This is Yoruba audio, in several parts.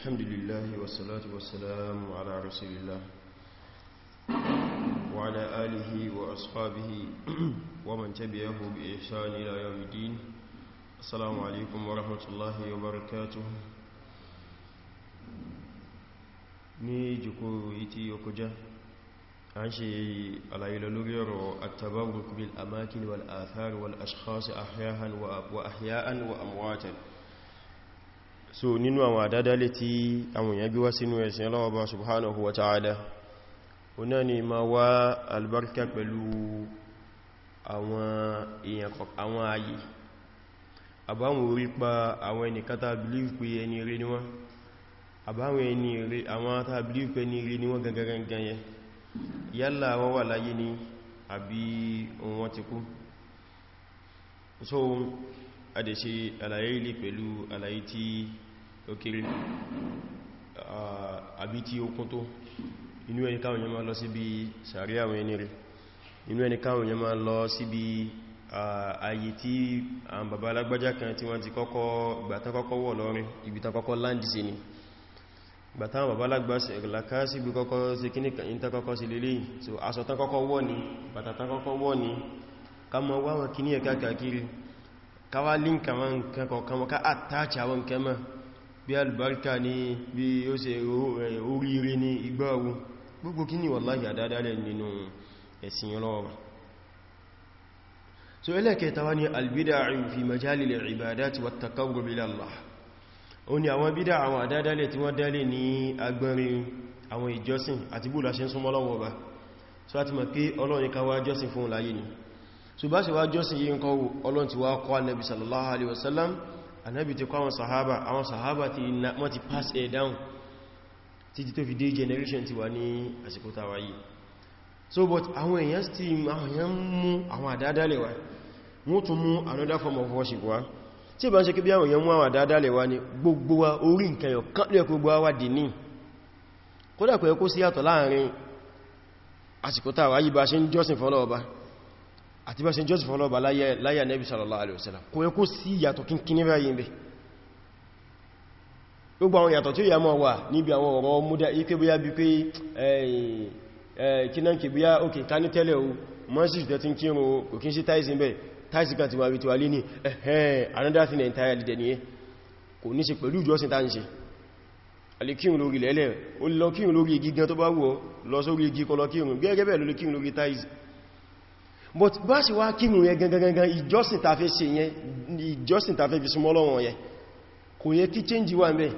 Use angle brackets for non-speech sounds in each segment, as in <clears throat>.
الحمد لله والصلاة والسلام على رسول الله وعلى آله وأصحابه <clears throat> ومن تبعه بإحسان إلى يوم الدين السلام عليكم ورحمة الله وبركاته ni jiko iti yokoja على ṣe alayi التبرك بالأماكن والآثار والأشخاص bil amakin wal athar wal ashkhas ahyahan wa wa amwatan so nínú àwọn àdádálé tí àwọn èèyàn bí wá sínú ẹ̀sìn ọlọ́ọ̀bá subhanahu wa ta'ala o náà ni ma wá albarka pẹ̀lú àwọn èèyàn àwọn ayé àbáwọn orí pa àwọn ẹnìkátà believe pé ẹni rí ni àbáwọn ẹni rí àwọn átà believe ẹni rí ni wọ́n yálà wọ́n wà láyé ni àbí wọ́n ti kú adẹ̀ ṣe àlàyé ilé pẹ̀lú àlàyé tí ó kéré àbí tí ó kún tó inú ẹni káwọn yẹn máa lọ síbi sàárì àwọn ẹni rẹ̀ inú ẹni káwọn yẹn máa lọ síbi ààyè tí àwọn bàbá alágbájá kan tí wọ́n ti kọ́kọ́ gbàtán kọ́kọ́ wọ̀ lọ́rin ibi tán ni gbàtán bàbá alágbájá sí ibi kọ́kọ́ sí kíníkà ní tán kọ́kọ́ sí lélẹ́yìn so aṣọ tán kọ́kọ́ wọ̀ ní bàtà tán kọ́kọ́ wọ̀ ní ká mọ wá kíní ẹ̀ká káwà líǹkà wọn nǹkan kọ̀ọ̀kan wọn ká àtàchì àwọn nǹkan mọ́ bí albarka ni bí ó ṣe oríire ní igbáwo gbogbo kí ní wàláhì àdádálẹ̀ nínú ẹ̀sìn ọlọ́ọ̀bà so ẹlẹ́kẹta wá ní albida'u fi majalil ibadati wa taqarrub ila Allah ó ní àwọn bídá àwọn àdádálẹ̀ tí wọ́n ṣùgbọ́n ṣe wá jọ́sìn yí nǹkan ọlọ́n ti wá kọ́ annabi sallallahu alaihi wasallam annabi ti kọ́ àwọn sahaba àwọn sahaba ti na wọ́n ti pass it down títí tó fi dé generation ti wà ní àsìkò tàwa so but àwọn èèyàn ti àwọn èèyàn mú àwọn àdádálẹ̀ wá tún mú another form of worship wá tí ìbá ń ṣe kí bí àwọn èèyàn mú àwọn àdádálẹ̀ wá ní gbogbo wa orí nǹkan yọ kán àti bá ṣe jọ́sì fọ́lọ́bà láyà nẹ́bí sallallahu alaihi wasallam kò yẹ kó sí yàtọ̀ kínkíní báyìí bẹ̀ gbogbo àwọn yàtọ̀ tí ó yà mọ́ wà níbi àwọn ọ̀rọ̀ múdá ike bóyá bí pé kínáà kì bóyá òkè ká ní tẹ́lẹ̀ o mọ́sílì tẹ́ ti ń kírun kò kí another thing entirely dẹ̀ nìyẹn kò ní ṣe pẹ̀lú ìjọsìn tá ń ṣe alikírun lórí lẹ́lẹ̀ o lọ kírun lórí igi but bá sì wá kírun yẹn gangan ìjọsìn tàfẹ́ ṣe yẹn ìjọsìn tàfẹ́ fi súnmọ́ Ọlọ́run yẹn kò yẹ kí change wà mẹ́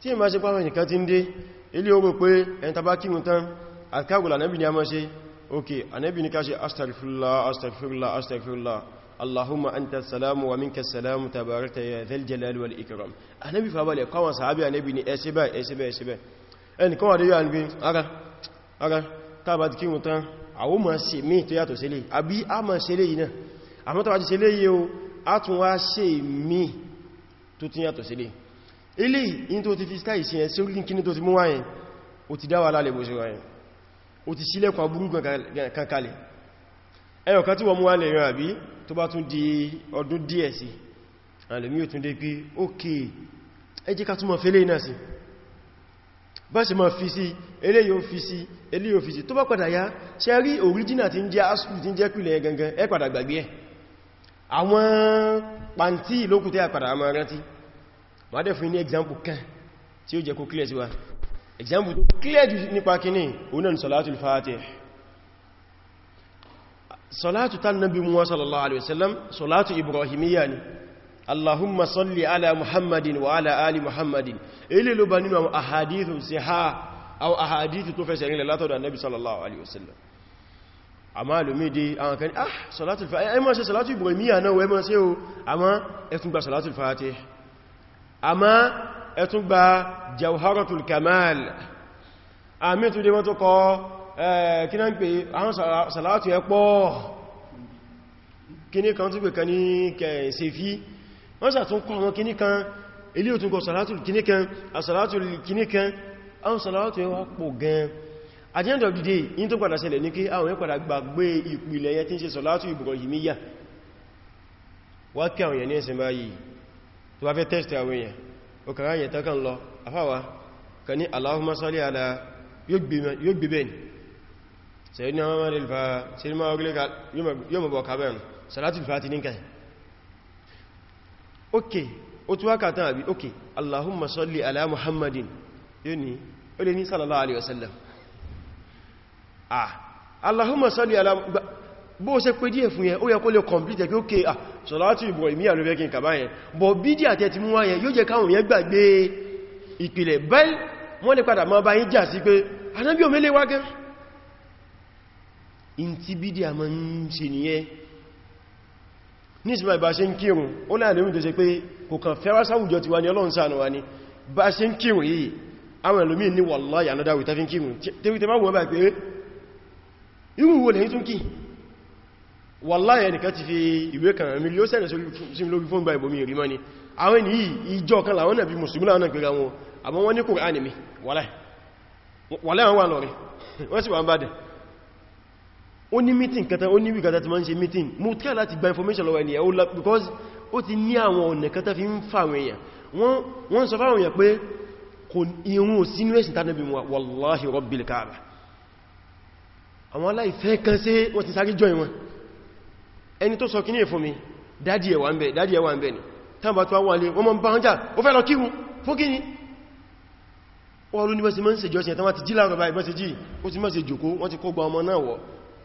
tí ìmá ṣe pàwọn ìkan ti ń dé ilé ogun pé ẹn tàbá kírun tán àkàgùlà anẹ́bì ni a mọ́ ṣe ok anẹ́bì ní ká ṣe astaghfirullah astaghfirullah astaghfirullah allahumma anta salamu wa minka salamu tabarakta ya dhal jalal wal ikram anẹ́bì fàbálẹ̀ kọwọn sàábẹ̀ anẹ́bì ni ẹsẹ̀ bẹ́ẹ̀ ẹsẹ̀ bẹ́ẹ̀ ẹsẹ̀ bẹ́ẹ̀ ẹni kọwàdé yóò anẹ́bì ara ara tàbá ti kírun tán àwọ́ ma ṣe mí tó yàtọ̀ sílé àbí a ma ṣe lè iná àmọ́ tàbí ṣe lè yí o a tún wá ṣe mí tó tún yàtọ̀ sílé ilé in tó ti fi sky sí ẹ sí orílẹ̀ kíní tó ti mú wáyẹn o ti dáwà lálẹ́ bó ṣe wáyẹn o ti sílẹ̀kùn aburú kankalẹ̀ ẹyọ kan bá ṣe ma fi sí eléyìí ó fi sí eléyìí ó fi sí tó bá padà yá ṣe rí oríjìnà tí ń jẹ́ asùlù tí ń jẹ́ pìlẹ̀ gangan ẹ padà gbàgbé ẹ̀ àwọn pàntí lókùtẹ́ àpadà àmà rántí ma dẹ̀ fún ní example kan tí ó jẹ́ kó clear sí wa example tó clear jù nípa kíní onan salatul fatih salatu tan nabi muhammad sallallahu alaihi wasallam Allahumma salli ala Muhammadin wa ala ali Muhammadin. Ilé ló bá nínú àwọn ahadithu sí ha, àwọn ahadithu tó fẹsẹ̀ rinlẹ̀ látọ̀dọ̀ annabi sallallahu alaihi wasallam. A máa lómi dé àwọn kan, ah, salatul fa'á, ẹ máa ṣe salatul ibrahimiyya náà wẹ́ máa ṣe o, a máa ẹtún gba salatul fatih. A máa ẹtún gba jawharatul kamal. A mí tún dé wọ́n kọ eh, kí ń pè àwọn salatu ẹ pọ̀ kí kan tún pè kan ní kẹ̀ẹ̀sẹ̀fí wọ́n sàtún kún wọn kíní kan ilé òtún kọ sàlátù kíní kan àsàlátù kíní kan àwọn sàlátù ẹwà pọ̀ gan at the end of the day in tó padà ṣẹlẹ̀ ní kí àwọn padà gbàgbé ìpìlẹ̀ yẹ tí ń ṣe sàlátù Ibrahimiyya wá ala yóò gbé bẹ́ẹ̀ ni sẹ́yìn ní àwọn mẹ́rin fa sí ní máa orílẹ̀ yóò mọ̀ okay ó tún wákàtán àbí okay allahumma salli ala muhammadin yóò ní ó lè ní sallallahu alaihi wasallam ah allahumma salli ala bó ṣe pé díẹ̀ fún yẹn ó yẹ kó lè complete pé okay ah salatu ibrahimi alubẹ́ kí n kàbá yẹn bọ̀ bí díẹ̀ àti ẹ̀tí mú wá yóò jẹ káwọn yẹn gbàgbé ìpìlẹ̀ bẹ́ẹ̀ wọ́n lè padà máa bá yín jà sí pé anábí òmìnlẹ̀ wágẹ́ in ti nísìnbà ìbá ṣe ń kírun ó láàrin tó ṣe pé kò kàn fẹ́wà sáwùjọ ti wá ní ọlọ́run ṣàánú wa ní bá ṣe ń kírun yìí àwọn ẹlòmí ní wallahi another way tafin kírun tẹ́wìtẹ́ máa wọ́n bá pé irú wo lẹ́yìn tún kí wallahi ẹnìkan ti fi ìwé kan mi ló sẹ́rẹ̀ sí lórí fún bá ìbomi ni àwọn wọ́n ní Kùránì mi wallahi wọ́n sì wà ń bá dẹ̀ ó ní meeting kata ó ní wíkàtà tí ma ń ṣe meeting mo tẹ́ láti gba information lọ́wọ́ ẹni ẹ̀hó because ó ti ní àwọn ọ̀nà kẹta fi ń fàwọn èèyàn wọ́n sọ fáwọn èèyàn pé kò irun ò sínú ẹ̀sìn tánàbí wallahi rabbil kaaba àwọn aláìfẹ́ kan sí wọ́n ti sáré join wọn mi dádì ẹ̀wà ń bẹ̀ ni tàbà tó wà lè wọ́n mọ́ ń bá ń jà ó ni wọ́n ló ní bẹ́sẹ̀ mọ́ ń ṣe jọ́sìn ẹ̀tàwà ti jí láàrọ̀ báyìí bẹ́sẹ̀ jí ó ti mọ́ ṣe jòkó wọ́n ti kó gba ọmọ náà wọ́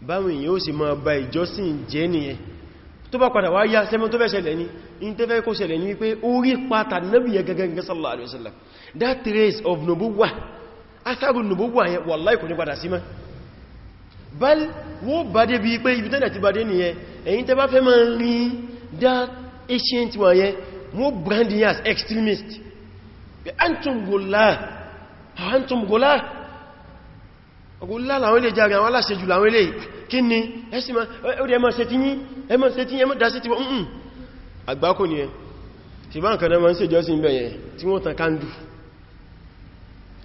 báwọn yóò sì máa bá ìjọsìn jẹ́ nìyẹn tó bá padà wá yá sẹ́mọ́ tó fẹ́ ṣẹlẹ̀ ní in tó fẹ́ kó ṣẹlẹ̀ ní wípé orí that trace of nubuwa asabu nubuwa yẹn wallahi kò ní padà sí mọ́ bal wó bá dé ti bá dé nìyẹn ẹ̀yin rí that ancient wọn yẹn wó branding as extremist ọgbọ̀nlá làwọn ilé jàre àwọn aláṣẹ́jù làwọn ilé kí ni ẹmọ́ ṣe tí yín ẹmọ́ ṣe tí yín ẹmọ́ dásí ti wọ́n ń àgbákò ni ẹ ti bá nǹkan ẹmọ́ ṣe jọ́sí ibẹ̀ yẹn tí wọ́n tan kandu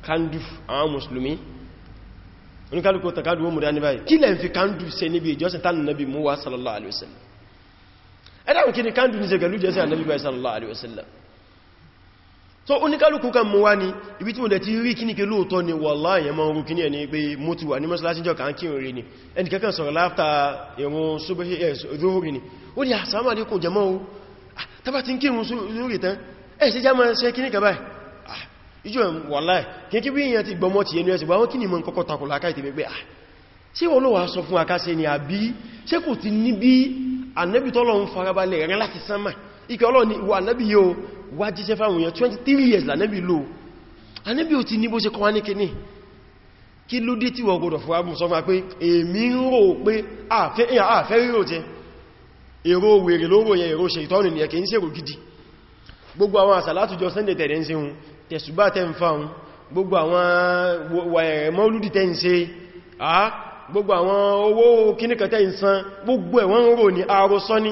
kandu àwọn mùsùlùmí oníkálùkù tan kandu wọ́n mú dání báyìí kí lẹ́ sallallahu alaihi so oníkálùkù kan mú wá ní ibi tí mo dẹ̀ ti rí kíní ke lóòtọ́ ni wallahi yẹn mọ́ orú kíní ẹni pé mo ti wà ní mọ́sálásí jọ kan kírun rí ni ẹni kankan sọ̀rọ̀ láftà ẹ̀rùn zuhuri ni ó ní àsàmà ní kò jẹmọ́ o ah, tàbá ti ń kírun zuhuri tán ẹ̀ sí já máa ṣe kíní kaba ah, ìjọ wallahi kíkí bí ìyẹn ti gbọmọ ti ẹnu ẹsẹ̀ bá wọ́n kíní mọ́ kọ́kọ́ takùlá ah, káì ni àbí ṣé kò ti ní bí ànẹ́bìtọ́lọ́ ike ọlọ́ni ìwọ ànábì yóò wá jíṣẹ́ fáwọn èèyàn 23 years lànábì lò ànábì ò ti ní bó ṣe kọ́ wá ní kíní kí ló dé tí wọ́n gbọdọ̀ fún àbùn sọ fún pé èmi ń rò pé àfẹ́ rírò jẹ ni ẹ̀kẹ́ ń ṣèrò gidi gbogbo àwọn àsàlátùjọ sunday tẹ̀lẹ̀ ń ṣe hun tẹ̀sùbá tẹ́ ń fáhun gbogbo àwọn wàyẹ̀rẹ̀ mọ́lúdì tẹ́ ń ṣe gbogbo àwọn owó kíníkà rò ní àròsọ ní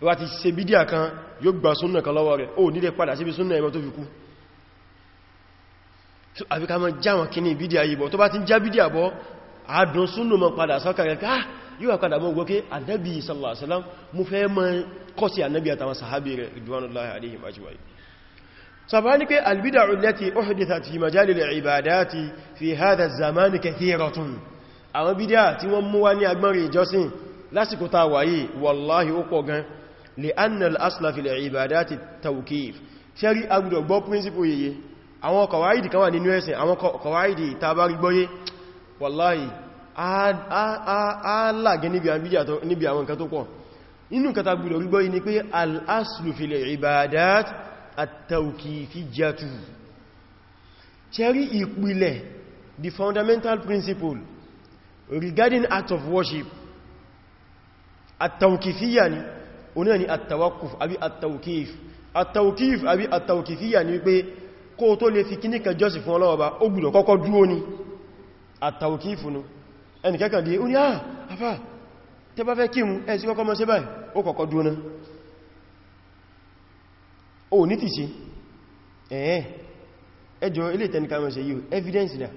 wá ti ṣe bídíà kan yóò gba súnnà kan lọ́wọ́ rẹ̀ ó nílẹ̀ padà síbi súnnà ẹgbẹ́ tó fi kú àfi ká mọ́ já wọn kí ní bídíà yìí bọ̀ tó bá ti já bídíà bọ́ àádùn súnnà mọ́ padà sọ́kà rẹ̀ ká ah, yíwa padà mọ́ gbọ́kẹ́ ànábì sallallahu alaihi wasallam mo fẹ́ mọ́ kọ́ sí ànábì àtàwọn sàhábì rẹ̀ لأن الأصل في العبادات التوكيف ṣẹ́rí agbùdọ̀ gbọ́ príncipù yìí àwọn kọwàáìdì kan wà nínú ẹ̀sìn àwọn kọwàáìdì tàbárí gbọ́yé wàláhì aláàgẹ́ níbi àwọn nǹkan tó pọ̀ inú kata gbùdọ̀ gbọ́yé ni pé al-aslu fil ibadat at-tawkifiyyatu ṣẹ́rí ìpìlẹ̀ the fundamental principle regarding act of worship at-tawkifiyya ni oní ẹni àtàwàkùf àbí àtàwùkíf àtàwùkíf àbí àtàwùkífíyà ni wípé kó tó lè fi kíníkà jọ́sì fún ọlọ́ọ̀bá ó gbùdọ̀ kọ́kọ́ dúró ní àtàwùkíf nù ẹni ah, kẹ́kàn dé oní àà afá tẹ bá fẹ́ kí mú ẹ sí kọ́kọ́ mọ́ sí báyìí ó kọ́kọ́ dúró ná ó evidence dà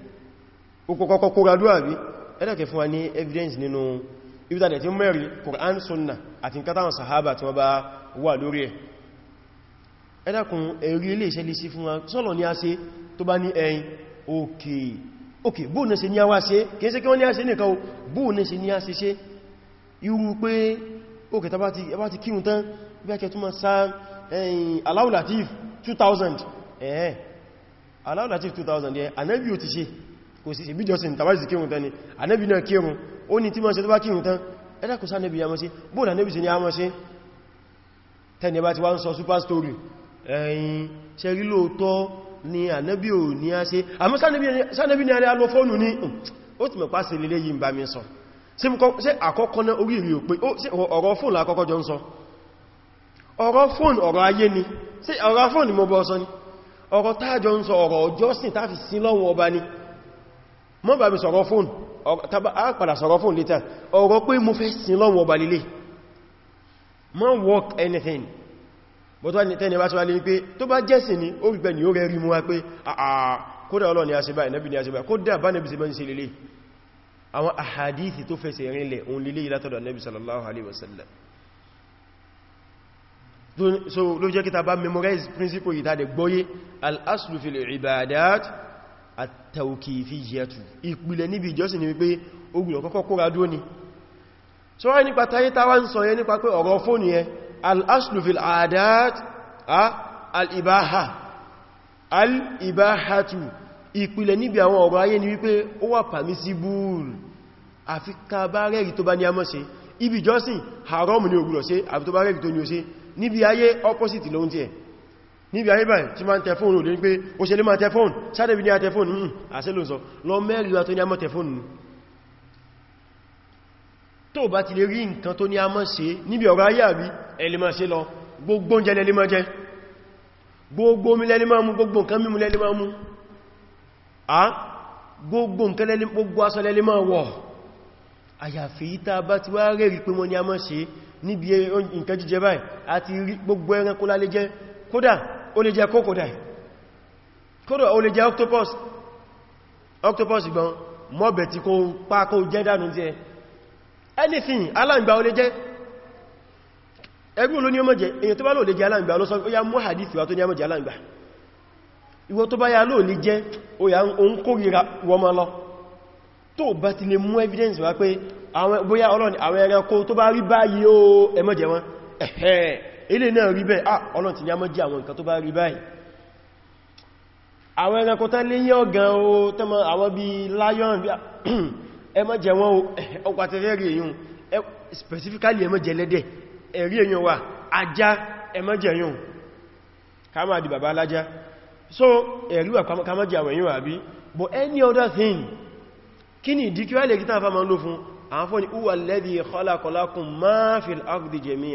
ó fún wa ní evidence nínú ibítàdẹ̀ tí mẹ́rin Qur'an sunna àti kátàwọn sahaba tí wọ́n bá wà lórí ẹ̀ ẹ́dàkùn ẹ̀rí ilé iṣẹ́ lè sí fún wọn sọ́lọ̀ ní a ṣe tó bá ní ẹ̀yìn òkè òkè bóò ní ṣe ní a wá ṣe kìí ṣe kí wọ́n ní a ṣe nìkan bóò ní ṣe ní a ṣe ṣe Latif 2000 ẹ̀ẹ́ Allahu Latif 2000 ẹ̀ anẹ́bí ò ti ṣe kò sí ó ní tí mọ́ ṣe tó bá kírun tán ẹ́dàkù sá nẹ́bí yàmọ́ sí bóòlà nẹ́bí sí ni a mọ́ sí tẹ́ni bá ti wá ń sọ super story ẹ̀yìn ṣe rí lóòótọ́ ni ànẹ́bí ò ní a ṣe àmọ́ sánẹ́bí ni a rí alọ́ fóònù ní hmm, ó ti mọ̀pá sí lélé yìí ń bá mi sọ ṣe àkọ́kọ́ ná orí rí òpin ọ̀rọ̀ fóònù àkọ́kọ́ jọ ń sọ ọ̀rọ̀ fóònù ọ̀rọ̀ ayé ni ṣe ọ̀rọ̀ fóònù mo bọ́ sọ ni ọ̀rọ̀ táàjọ ń sọ ọ̀rọ̀ ọjọ́sìn táàfi sí lọ́wọ́ ọba ni mọ́ bá mi sọ̀rọ̀ fóònù a padà sọ̀rọ̀ fún lítà ọ̀rọ̀ pé mo fẹ́ sin lọ́wọ́ ọba lílé ma work anything but wọ́n tẹ́ni bá tíwá lè pé tó bá jẹ́sìn ní ó gbẹ̀ ní ó rẹ̀ rí mú wá pé àà kódà ọlọ́ ni a ṣe báyìí nẹ́bí ni a ṣe báyìí kódà bá nẹ́bí so ló jẹ́ kí ta principle yìí ta dẹ̀ gbọ́yé al àtàwòkìfíyàtù ìpìlẹ̀ níbi ìjọsìn ni wípé ogun ọ̀kọ́kọ́ kóra dúó ni so wáyé nípa tayé tàwà ń sọ yẹ nípa pé ọ̀rọ̀ fóònù yẹ al'aslufil adat al'ibaha al'ibahatu ìpìlẹ̀ níbi àwọn ni wípé ó wà permissible àfi ká bá rẹ̀rí tó bá ní àmọ́ ṣe ibi ìjọsìn ni ogun ọ̀ṣe àfi níbi àríbàì tí ma ń tẹfóònù lórí pé ó ṣe lè máa tẹfóònù sáàdẹ̀bì ní àtẹfóònù mú àṣẹ́lòsọ lọ mẹ́rìnwá tó ní àmọ́ tẹfóònù tó bá ti lè rí nǹkan tó ní àmọ́ ṣe níbi ọ̀rọ̀ ayé àbí ẹlẹ́mà ṣe lọ a gbogbo nǹkan lẹ́lẹ́mà gbogbo aṣọ lẹ́lẹ́mà wọ̀ àyàfi ìta bá ti wá rẹ̀rí pé wọ́n ní àmọ́ ṣe níbi nǹkan jíjẹ kódà o le jẹ crocodile kódò o le jẹ octopus octopus gan mọ́bẹ̀ tí kò pa kó jẹ́ dánú jẹ́ anything aláǹgbà ó lè jẹ́ ẹgbùn ló ní ọmọ jẹ èyàn tó bá lò lè jẹ aláǹgbà ló sọ yá mú hadith wá tó ní ọmọ jẹ aláǹgbà ìwọ tó bá yá lò lè yá wọ́n ti lè mú evidence wá pé ilé náà rí bẹ́ẹ̀ ah ọlọ́n ti ní a mọ́ jí àwọn nǹkan tó bá rí báyìí àwọn ẹranko tán lé yán gan o tọ́mọ àwọn bí lion bí <clears throat> ẹ má jẹ wọn <clears throat> ọkọ̀ rí èyàn specifically ẹ má jẹ lẹ́dẹ̀ ẹ̀rí èyàn wà ajá ẹ má jẹ yàn ká má di bàbá alájá so ẹ̀rí wà ká má jẹ àwọn èyàn àbí but any other thing kí ni ìdí kí wá lè kí tán fà máa ń lò fún àwọn fún ni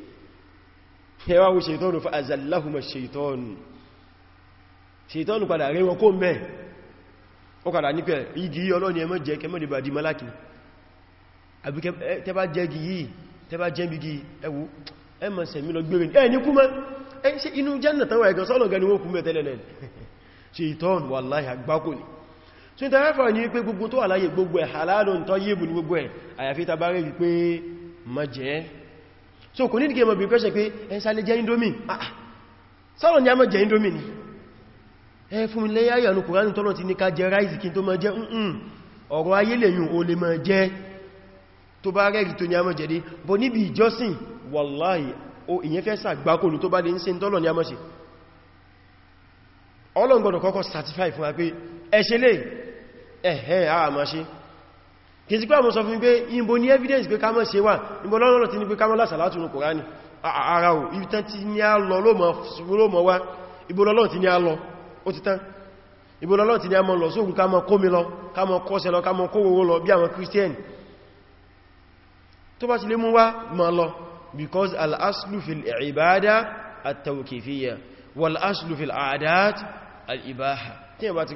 ẹwàwó ṣètọ́nù fa azallahuma ṣètọ́nù ṣètọ́nù padà rẹ wọn kó mẹ́ ó padà nípẹ̀ igi ọlọ́ni ẹmọ́ jẹ kẹmọ́ lè bà di malaki àbí tẹbá jẹ́ gi yìí tẹbá jẹ́ bí gi ẹwú ẹmọ sẹ̀mí lọ gbẹ̀rẹ̀ ẹ̀ ní kú mẹ́ ẹ ṣe inú jẹ́nà tánwà ẹ̀gán sọ́lọ̀ gan ni <laughs> so kò nídìí kẹmọ̀ bí pẹ́ṣẹ̀ pé ẹ sáré jẹ́ indomie ah, ah. sọ́rọ̀ ní a mọ́ jẹ́ indomie ni ẹ fún ilẹ̀ yáyà ní kòránì tọ́lọ̀ ti ní ká jẹ ráìsì kí tó mọ́ jẹ́ ǹǹ ọ̀rọ̀ ayé lèyùn o lè mọ́ jẹ́ tó bá rẹ̀rì tó ní a mọ́ jẹ́ dé bọ́ níbi ìjọsìn a mọ́ kì í sí pé àwọn sọ fún pé ìbò ní evidence pé ká má ṣe wà ìbò lọ́nà tí ní pé ká má lásàlátù ní Kùránì ara ò ibi tán tí ní a lọ lóòmọ̀ wá ìbò lọ́nà tí ní a lọ ó ti tán ìbò lọ́nà tí ní a lọ sóòrùn ká kómi lọ ká mọ́ lọ ká mọ́ lọ bí àwọn because al-aslu fil ibada at-tawqifiyya wal aslu fil aadat al-ibaha tí ẹ bá ti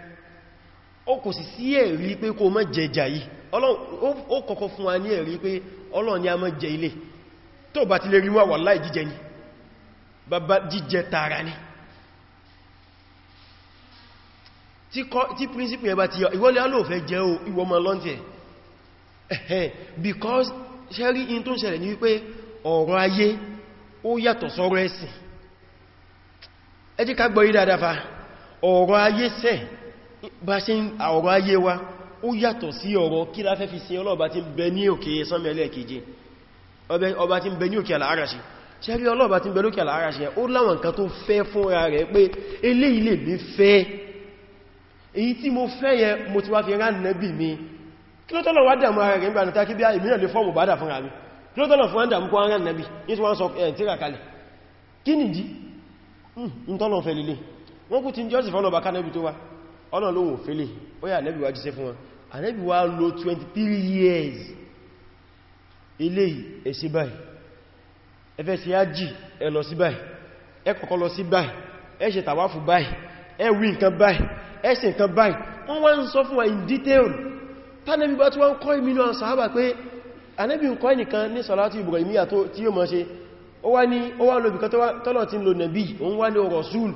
ó kò sì sí ẹ̀rí pé kó má jẹjà yìí ó kọ́kọ́ fún wa ní ẹ̀rí pé ọlọ́run ni a má jẹ ilé tó bá ti lè rí wà wà láì jíjẹ ni bàbá jíjẹ tààrà ni tí príncipì ẹba ti ìwọ́lẹ̀ alóòfẹ́ jẹ́ o ìwọ ma because ṣẹ́rí in tó ń ṣẹlẹ̀ ní wípé ọ̀rọ̀ ayé ó yàtọ̀ sọ́rọ̀ ẹ̀sìn ẹ jẹ́ ká bá ṣe ń ọ̀rọ̀ ayé wa ó yàtọ̀ sí ọ̀rọ̀ kí la fẹ́ fi sin ọlọ́ọ̀bá tí ń bẹ ní òkè sánmẹ́lẹ̀ keje ọba tí ń bẹ ní òkè àlàáràṣì ṣe rí ọlọ́ọ̀bá tí ń bẹ lókè àlàáràṣì mo fẹ́ yẹ mo ti wá mi kí ló tọ́lọ̀ wá dàmú ara rẹ̀ nígbà níta kí bí mi kí ló tọ́lọ̀ fún àdàmú kó rán nẹ́bì ní tí wọ́n sọ ẹ̀ tíra kalẹ̀ kí nìdí hmm, ń tọ́lọ̀ fẹ́ lélẹ̀ wọ́n kú ti ń jọ́sì fọ́lọ̀ bá kánẹ́bì tó wá ọ̀nà lóhun fẹ́lẹ̀ ó yà Ànábì wá jíṣẹ́ fún wọn Ànábì wá lò 23 years ilé ẹ̀ṣẹ́ báyìí ẹfẹ́ sí ájì ẹ lọ sí báyìí ẹ kọ́kọ́ lọ sí báyìí ẹ ṣe tàwáfù báyìí ẹ wí nǹkan báyìí ẹ ṣe nǹkan báyìí wọ́n wá ń sọ fún wa in detail tánàbí bá tí wọ́n kọ́ ìmìnà sàhábà pé Ànábì ń kọ́ ẹnìkan ní sọ̀látù Ibrahimiyya tí yóò mọ́ ṣe ó wá ní ó wá lóbi kan tọ́lọ̀ tí ń lo nàbí òun wá ní rasúlù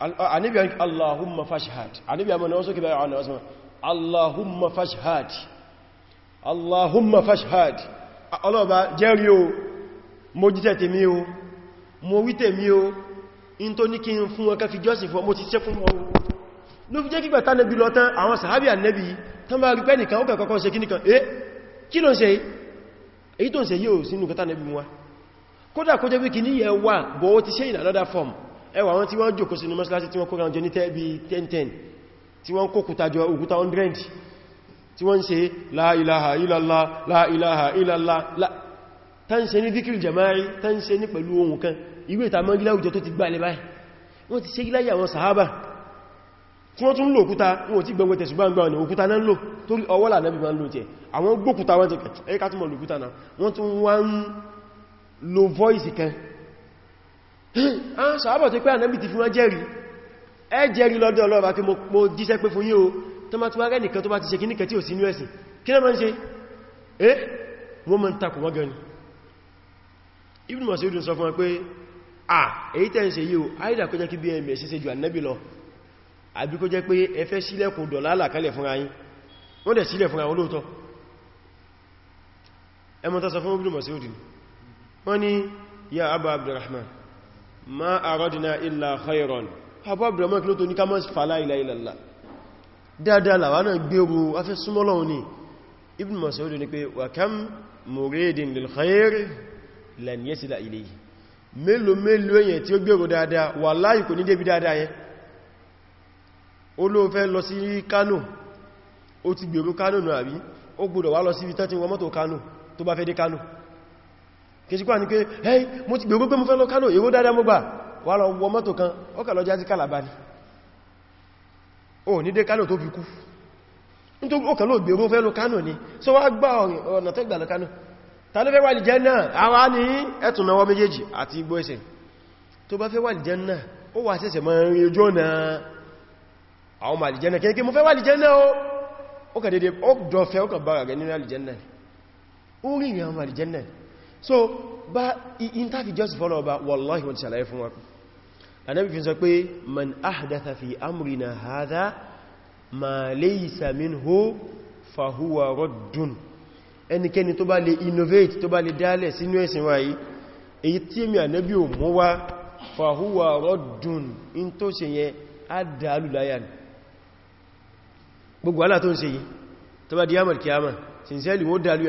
anibi uh, yanki allahumma fashhad anibi amana wasu ki bayan wasu allahumma fashhad allahumma fashhad ah, ọlọ́ba jẹ́rí o mo jíjẹ́ tèmi o mo wí tèmi o in tó ní kí n fún ọkà fi jọ́sìn fún ọmọ ti ṣe fún ọmọ ló fi jẹ́ kígbà tán nẹ́bí lọ́tán àwọn sàhábì ànẹ́bí tán bá rí pẹ́nìkan ó ó ti ẹwà wọn tí wọ́n jòkó sínú mọ́sálásí tí wọ́n kó ránjọ ní tẹ́bí 1010 tí wọ́n kó kùtàjọ òkúta 100 tí wọ́n ṣe la ilaha illallah la ilaha illallah tán ṣe ní díkìrì jama'i tán ṣe ní pẹ̀lú ohun kan ìwé ìta mọ́gílá òjò tó ti gbà lẹ́bàá wọ́n ti ṣe gíláyà àwọn sàhábà tí wọ́n tún lò òkúta wọ́n ti gbẹ̀gbẹ̀ tẹ̀sùgbàǹgbà ní òkúta náà lò torí ọwọ́là náà bí ma ń lò jẹ́ àwọn gbókúta àwọn ah, sàábọ̀ tó pé ànábì ti fi wọ́n jẹ́rì ẹ jẹ́rì lọ́dọ̀ ọlọ́ọ̀bá pé mo jíṣẹ́ pé fún yín o tó má tún rẹ̀ nìkan tó bá ti ṣe kí nìkan tí ò sí inú ẹ̀sìn kí náà ma ń ṣe eh wọ́n mọ́ ń takò wọ́n gan ni Ibn Mas'ud sọ fún wọn pé à èyí tẹ́ ń ṣe yíò àìdà kó jẹ́ kí bm ẹ̀ ṣe ju ànábì lọ àbí kó jẹ́ pé ẹ fẹ́ sílẹ̀kùn dọ̀lálà kalẹ̀ fúnra yín wọ́n dẹ̀ sílẹ̀ fúnra wọn lóòótọ́ ẹmọ́ tó ni ya Aba Abdurrahman ma aradna illa khayran abu abdulrahman kí ló tó ní ká mọ́ fàlá ilá ilẹ̀lá dáadáa làwọn náà gbèrú afẹ́ súnmọ́lọ́wọ́ ní ibn Mas'ud ní pé wa kam muridin lil khayr lan yasila ilayhi mélòó mélòó èyàn tí ó gbèrú dáadáa wallahi kò ní débi dáadáa yẹn ó ló fẹ́ kìsíkọ́ ní pé hey mo ti gbogbo pé mo fẹ́ lọ Kánò èrò dáadáa mo gbà wà lọ wọ mọ́tò kan ọkà lọ jásí Kàlàbá ni o ní dé Kánò tó fi kú ni so wá gbà ọ̀nà tẹ́gbà lọ Kánò ta ló fẹ́ wà lì Jánnà àwa ní ẹ̀tùn náwọ́ méjèèjì àti igbó ẹsẹ̀ tó bá fẹ́ wà lì Jánnà ó wà sẹ́sẹ̀ mọ́ rin ojú ọ̀nà àwọn ọmọ àlìjẹ́nà kéèké mo fẹ́ wà lì Jánnà ó ó bára gẹ̀ nínú àlìjẹ́nà ó rí ìrìn àwọn àlìjẹ́nà so ba intafi just follow ba wallahi wọ́n ti ṣàlàyé fún wọn anábi fi sọ pé man ahdatha fi na haza ma laysa minhu fahuwa raddun ẹnikẹni tó bá lè innovate tó bá lè dálẹ̀ sínú ẹ̀sìn wáyí èyí tí mi ànábí ò mú wá fahuwa raddun in tó ṣe yẹn á dàálù láyàn gbogbo alá tó ń ṣe yìí tó bá di yàmàl kìyàmà sincerely wọ́n dàálù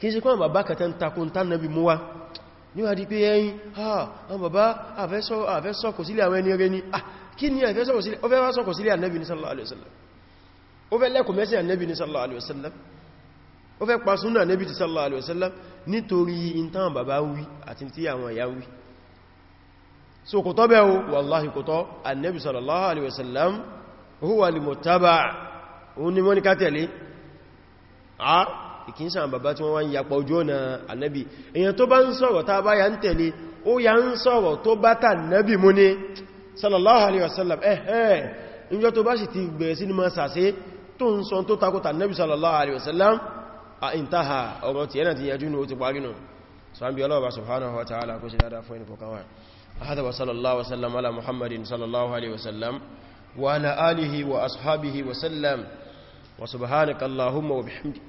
kìí ṣe kọ́nà bàbá kàtà ń takun tán nàbí mú wá níwà di pé ẹ̀yìn àwọn bàbá àfẹ́sọ́kọ̀ sílẹ̀ àwọn ẹni rẹ̀ ni ah, kí ni àfẹ́sọ́kọ̀ sílẹ̀ ànẹ́bì ní sallallahu alaihi wasallam àwọn so kò tọ́ bẹ́ o wallahi kò tọ́ ànẹ́bì sallallahu alaihi wasallam huwa al-muttaba' ni mọ́ ní ká tẹ̀lé ah, ìkínsà bàbá tí wọ́n wá ń yapa ojú ọ̀nà annabi èyàn tó bá ń sọ̀rọ̀ tá bá ya ń tẹ̀lé ó ya ń sọ̀rọ̀ tó bá tà nabi mú ní sallallahu alaihi wasallam eh eh níjọ́ tó bá sì ti bẹ̀rẹ̀ sí ni wa ta'ala kó wa هذا وصلى الله وسلم على محمد صلى الله عليه وسلم وعلى آله وأصحابه وسلم وسبحانك اللهم وبحمدك